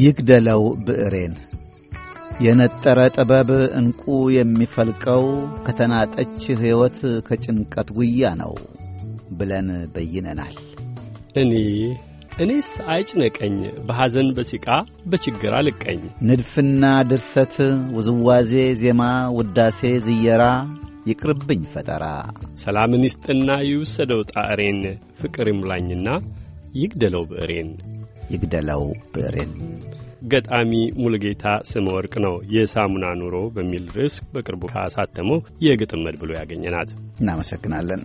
ይግደለው ብዕሬን የነጠረ ጥበብ ዕንቁ የሚፈልቀው ከተናጠች ሕይወት ከጭንቀት ጉያ ነው ብለን በይነናል። እኔ እኔስ አይጭነቀኝ በሐዘን በሲቃ በችግር አልቀኝ። ንድፍና ድርሰት፣ ውዝዋዜ፣ ዜማ፣ ውዳሴ፣ ዝየራ ይቅርብኝ ፈጠራ። ሰላምን ይስጥና ይውሰደው ጣዕሬን ፍቅር ይሙላኝና ይግደለው ብዕሬን ይግደለው ብዕሬን። ገጣሚ ሙሉጌታ ስመ ወርቅ ነው የሳሙና ኑሮ በሚል ርዕስ በቅርቡ ካሳተመው የግጥም መድብሎ ያገኘናት። እናመሰግናለን።